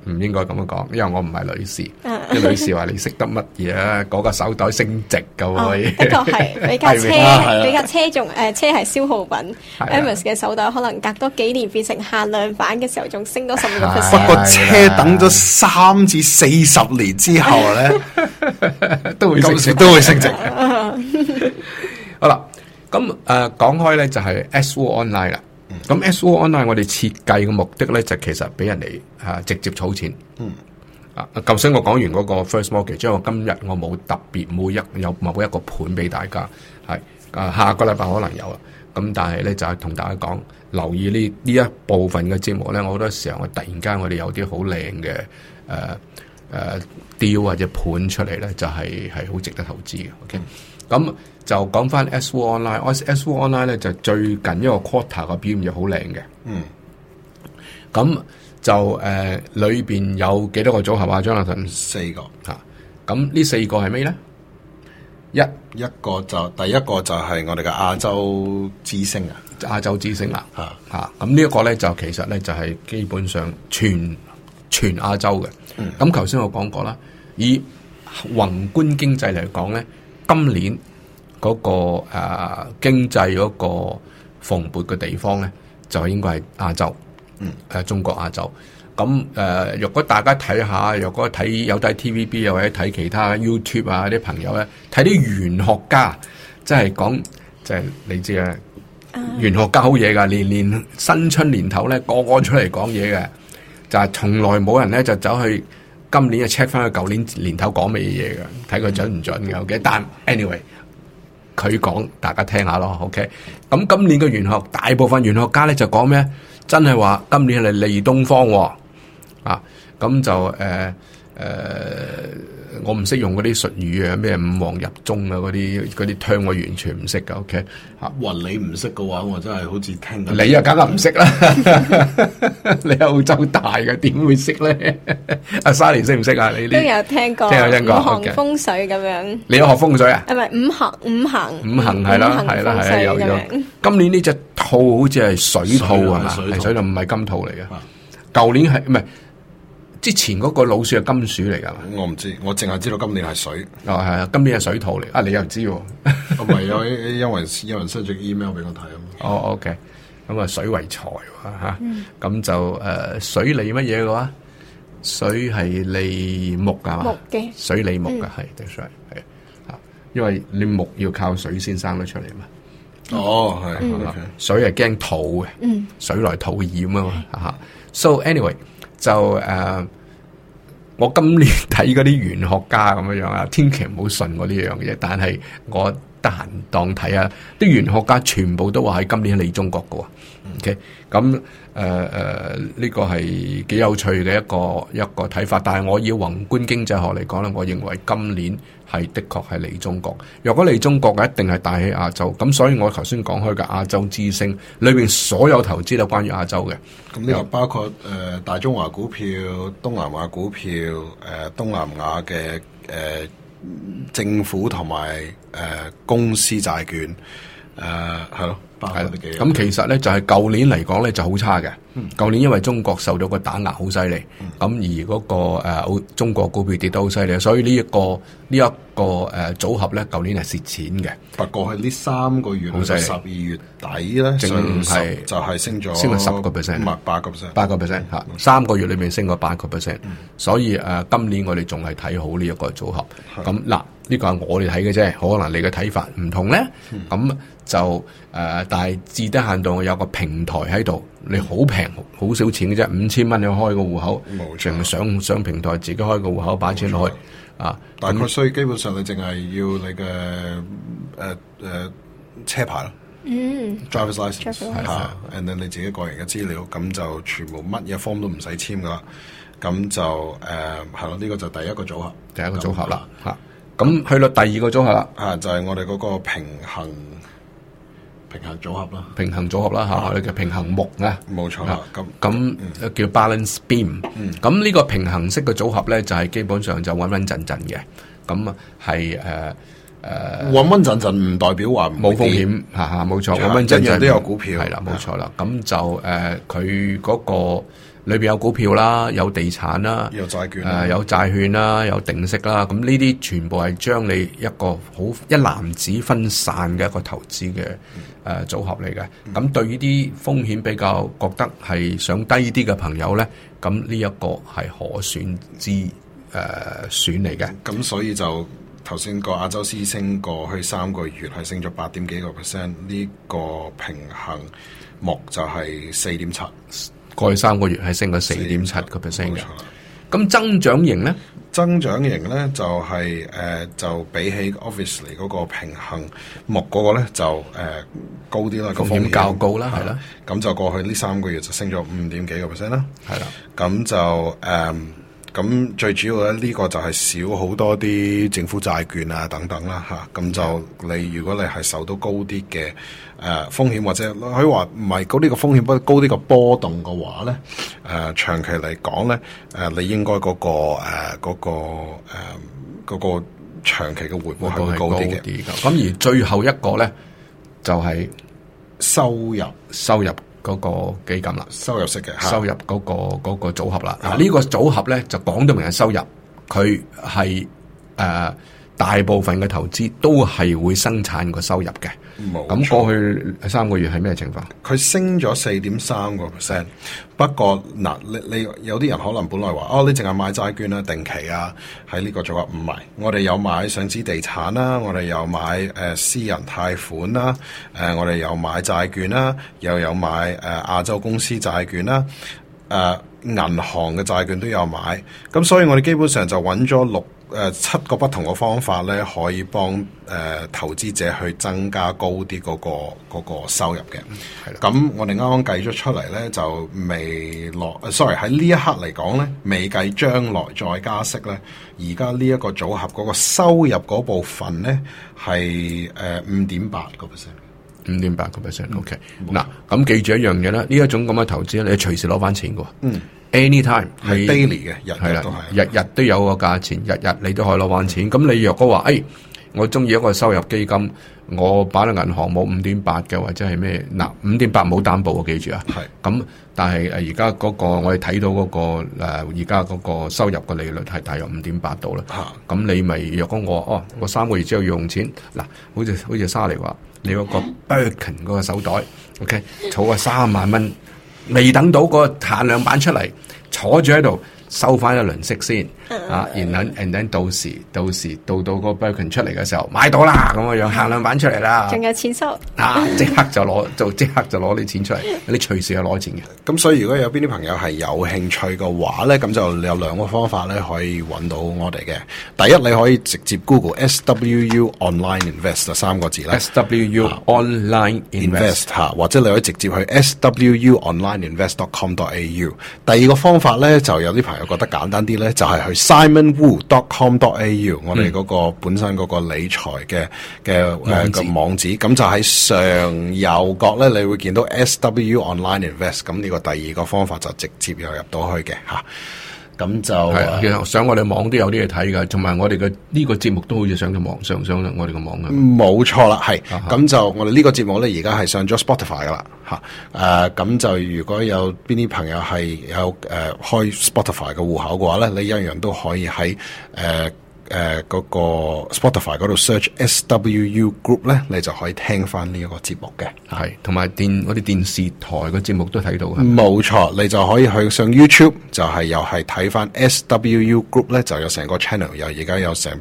唔應該咁樣講，因為我唔係女士。啲女士話你識得乜嘢？嗰個手袋升值噶，的確係，比架車，比架車仲、誒，車係消耗品。Hermès 嘅手袋可能隔多幾年變成限量版嘅時候，仲升多十五個 percent。不過車等咗三至四十年之後咧，都會升值，都會升值。好啦，咁誒，講開咧，就係 S O Online 啦。咁 S.O. online 我哋設計嘅目的咧，就其實俾人嚟嚇、啊、直接儲錢。嗯。啊，頭先我講完嗰個 first m a r k e t g a 我今日我冇特別每一有買一個盤俾大家，係啊，下個禮拜可能有啦。咁、啊、但係咧就係同大家講，留意呢呢一部分嘅節目咧，好多時候我突然間我哋有啲好靚嘅誒誒雕或者盤出嚟咧，就係係好值得投資嘅。OK，咁、嗯。就講翻 S One Online，S One Online 咧就最近一個 quarter 嘅表現又好靚嘅。嗯。咁就誒，裏、呃、邊有幾多個組合個啊？張立生，四個嚇。咁呢四個係咩咧？一一個就第一個就係我哋嘅亞洲之星啊，亞洲之星啊嚇嚇。咁、啊啊、呢一個咧就其實咧就係基本上全全亞洲嘅。咁頭先我講過啦，以宏觀經濟嚟講咧，今年。嗰、那個誒、啊、經濟嗰個蓬勃嘅地方咧，就應該係亞洲、嗯啊，中國亞洲。咁誒，若、呃、果大家睇下，若果睇有睇 TVB，又或者睇其他 YouTube 啊啲朋友咧，睇啲玄學家，即、就、係、是、講，即、就、係、是、你知嘅玄學家好嘢噶，年年新春年頭咧，個個出嚟講嘢嘅，就係、是、從來冇人咧就走去今年就 check 翻佢舊年年頭講咩嘢嘅，睇佢準唔準嘅。OK，但 anyway。佢講，大家聽下咯，OK。咁今年嘅玄學，大部分玄學家咧就講咩？真係話今年係嚟利東方喎、哦，啊，咁就誒誒。呃呃我唔識用嗰啲術語啊，咩五王入中啊，嗰啲嗰啲㓥我完全唔識噶，OK？哇，你唔識嘅話，我真係好似聽到。你又更加唔識啦！你澳洲大嘅，點會識咧？阿 Sally 識唔識啊？你都有聽過五行風水咁樣，你有學風水啊？啊，係咪五行五行五行係啦係啦係啦，今年呢隻兔好似係水兔啊嘛？水兔唔係金兔嚟嘅，舊年係唔係？之前嗰個老鼠係金鼠嚟噶我唔知，我淨係知道今年係水。哦，係啊，今年係水兔嚟。啊，你又唔知？唔係，因為因為有人 send email 俾我睇啊。哦，OK。咁啊，水為財，吓咁就誒，水利乜嘢嘅話，水係利木噶嘛？木嘅水利木嘅係，的水。係係因為你木要靠水先生得出嚟嘛。哦係，水係驚土嘅，水來土掩啊嘛吓。So anyway。就誒，uh, 我今年睇嗰啲玄學家咁樣啊，千祈唔好信我呢樣嘢，但係我。得閒當睇啊！啲玄學家全部都話喺今年嚟中國嘅喎、嗯、，OK？咁誒誒，呢、呃這個係幾有趣嘅一個一個睇法。但係我以宏觀經濟學嚟講咧，我認為今年係的確係嚟中國。若果嚟中國嘅一定係帶起亞洲，咁所以我頭先講開嘅亞洲之星裏邊所有投資都關於亞洲嘅。咁呢個包括誒、呃呃、大中華股票、東南亞股票、誒、呃、東南亞嘅誒。呃政府同埋誒公司債券。誒，係咯、uh, right,，係咁、嗯、其實咧就係舊年嚟講咧就好差嘅。舊、嗯、年因為中國受到、嗯那個打壓好犀利，咁而嗰個誒，中國股票跌得好犀利，所以呢、這、一個呢一、這個誒、uh, 組合咧，舊年係蝕錢嘅。不過係呢三個月，十二月底咧，淨係就係升咗升咗十個 percent，八個 percent，八個 percent。吓、嗯，三個月裏面升咗八個 percent，、嗯、所以誒、uh, 今年我哋仲係睇好呢一個組合。咁嗱的，呢、這個係我哋睇嘅啫，可能你嘅睇法唔同咧。咁、嗯嗯就誒、呃，但係至低限度，有個平台喺度，你好平，好少錢嘅啫，五千蚊你開個戶口，冇，淨上上平台自己開個戶口，擺錢落去啊。大概所以基本上你淨係要你嘅誒誒車牌咯，嗯，driver license 嚇、嗯 yeah, yeah, yeah,，and 等你自己個人嘅資料，咁就全部乜嘢 form 都唔使簽噶，咁就誒係咯。呢、呃這個就第一個組合，第一個組合啦嚇。咁、啊、去到第二個組合啦啊，就係、是、我哋嗰個平衡。平衡組合啦，平衡組合啦嚇，你嘅、啊、平衡木啊，冇錯啊，咁咁那、嗯、叫 Balance Beam，咁呢、嗯、個平衡式嘅組合咧，就係、是、基本上就穩穩陣陣嘅，咁啊係誒誒穩穩陣陣唔代表話冇風險嚇嚇，冇錯，穩穩陣陣都有股票，係啦，冇錯啦，咁、啊、就誒佢嗰個。裏邊有股票啦，有地產啦，有債券、呃，有債券啦，有定息啦。咁呢啲全部係將你一個好一籃子分散嘅一個投資嘅誒組合嚟嘅。咁、嗯、對於啲風險比較覺得係想低啲嘅朋友呢，咁呢一個係可選之誒、呃、選嚟嘅。咁所以就頭先個亞洲師升過去三個月係升咗八點幾個 percent，呢、這個平衡目就係四點七。過去三個月係升咗四點七個 percent 嘅，咁增長型咧，增長型咧就係、是、誒、呃，就比起 obviously 嗰個平衡木嗰個咧就誒、呃、高啲啦，風險險較高啦，係啦的，咁的就過去呢三個月就升咗五點幾個 percent 啦，係啦，咁的就誒，咁、嗯、最主要咧呢、這個就係少好多啲政府債券啊等等啦吓，咁就你如果你係受到高啲嘅。誒風險或者佢話話唔係高啲個風險不高啲個波動嘅話咧，誒、呃、長期嚟講咧，誒、呃、你應該嗰、那個誒嗰、呃那個誒嗰、呃那個呃那個、長期嘅回報係會高啲嘅。咁而最後一個咧就係、是、收入收入嗰個基金啦，收入式嘅收入嗰、那個嗰組合啦。嗱呢的個組合咧的就講到明係收入，佢係誒。呃大部分嘅投資都係會生產個收入嘅，咁冇錯，過去三個月係咩情況？佢升咗四點三個 percent，不過嗱，你你有啲人可能本來話哦，你淨係買、啊買、買、啊買、呃啊呃、買債券啊、定期啊，喺呢個做啊，唔係，我哋有買上市地產啦，我哋有買誒私人貸款啦，誒我哋有買債券啦，又有買誒、呃、亞洲公司債券啦、啊，誒、呃、銀行嘅債券都有買，咁所以我哋基本上就揾咗六。誒，七個不同嘅方法咧，可以幫誒投資者去增加高啲嗰個個收入嘅。係啦，咁我哋啱啱計咗出嚟咧，就未落，sorry，喺呢一刻嚟講咧，未計將來再加息咧，而家呢一個組合嗰個收入嗰部分咧，係誒五點八個 percent，五點八個 percent。O K，嗱，咁記住一樣嘢啦，呢一種咁嘅投資，你隨時攞翻錢嘅。嗯。Anytime 係 daily 嘅，Any time, 日日都的日日都有個價錢，的日日你都可以攞翻錢。咁的你若果話，誒、哎，我中意一個收入基金，我擺落銀行冇五點八嘅或者係咩？嗱，五點八冇擔保，我記住啊。係的。咁但係誒、那個，而家嗰個我哋睇到嗰個誒，而家嗰個收入嘅利率係大約五點八度啦。嚇的。咁你咪若果我，哦，我三個月之後要用錢，嗱，好似好似沙利話，你嗰個 Birkin 嗰個手袋，OK，儲個三萬蚊。未等到個限量版出嚟，坐住喺度收翻個輪息先。啊！然後，然後到時，到時到到個 breaking 出嚟嘅時候，買到啦，咁我用限量版出嚟啦，仲有錢收啊！即 [laughs] 刻就攞，就即刻就攞你錢出嚟， [laughs] 你隨時去攞錢嘅。咁所以，如果有邊啲朋友係有興趣嘅話咧，咁就你有兩個方法咧，可以揾到我哋嘅。第一，你可以直接 Google S W U Online Invest 三個字啦 S W U Online Invest、啊、Invest 吓或者你可以直接去 S W U Online Invest dot com dot A U。第二個方法咧，就有啲朋友覺得簡單啲咧， [laughs] 就係去。SimonWu.com.au、嗯、我哋嗰個本身嗰個理財嘅嘅誒個網址子，咁、呃、就喺上右角咧，你會見到 SW Online Invest，咁呢個第二個方法就直接又入到去嘅吓咁就係其實上我哋網都有啲嘢睇噶，同埋我哋嘅呢個節目都好似上咗網，上唔上我哋個網噶？冇錯啦，係咁、啊、就我哋呢個節目咧，而家係上咗 Spotify 噶啦吓，誒、啊、咁就如果有邊啲朋友係有誒、啊、開 Spotify 嘅戶口嘅話咧，你一樣都可以喺誒。啊誒嗰、呃那個 Spotify 嗰度 search S W U Group 咧，你就可以聽翻呢一個節目嘅係，同埋電啲電視台嘅節目都睇到嘅。冇錯，你就可以去上 YouTube，就係又係睇翻 S W U Group 咧，就有成個 channel，又而家有成。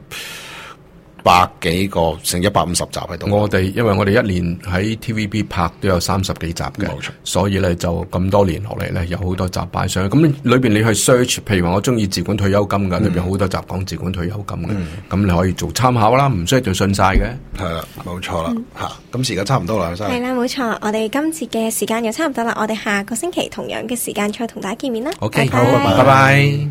百幾個成一百五十集喺度，我哋因為我哋一年喺 TVB 拍都有三十幾集嘅，冇錯，所以咧就咁多年落嚟咧有好多集擺上去，咁裏面你去 search，譬如話我中意自管退休金嘅，裏邊好多集講自管退休金嘅，咁、嗯、你可以做參考啦，唔需要做信晒嘅。係啦、嗯，冇錯啦，嚇、嗯！咁時間差唔多啦，係啦，冇錯，我哋今次嘅時間又差唔多啦，我哋下個星期同樣嘅時間再同大家見面啦。OK，好，拜拜。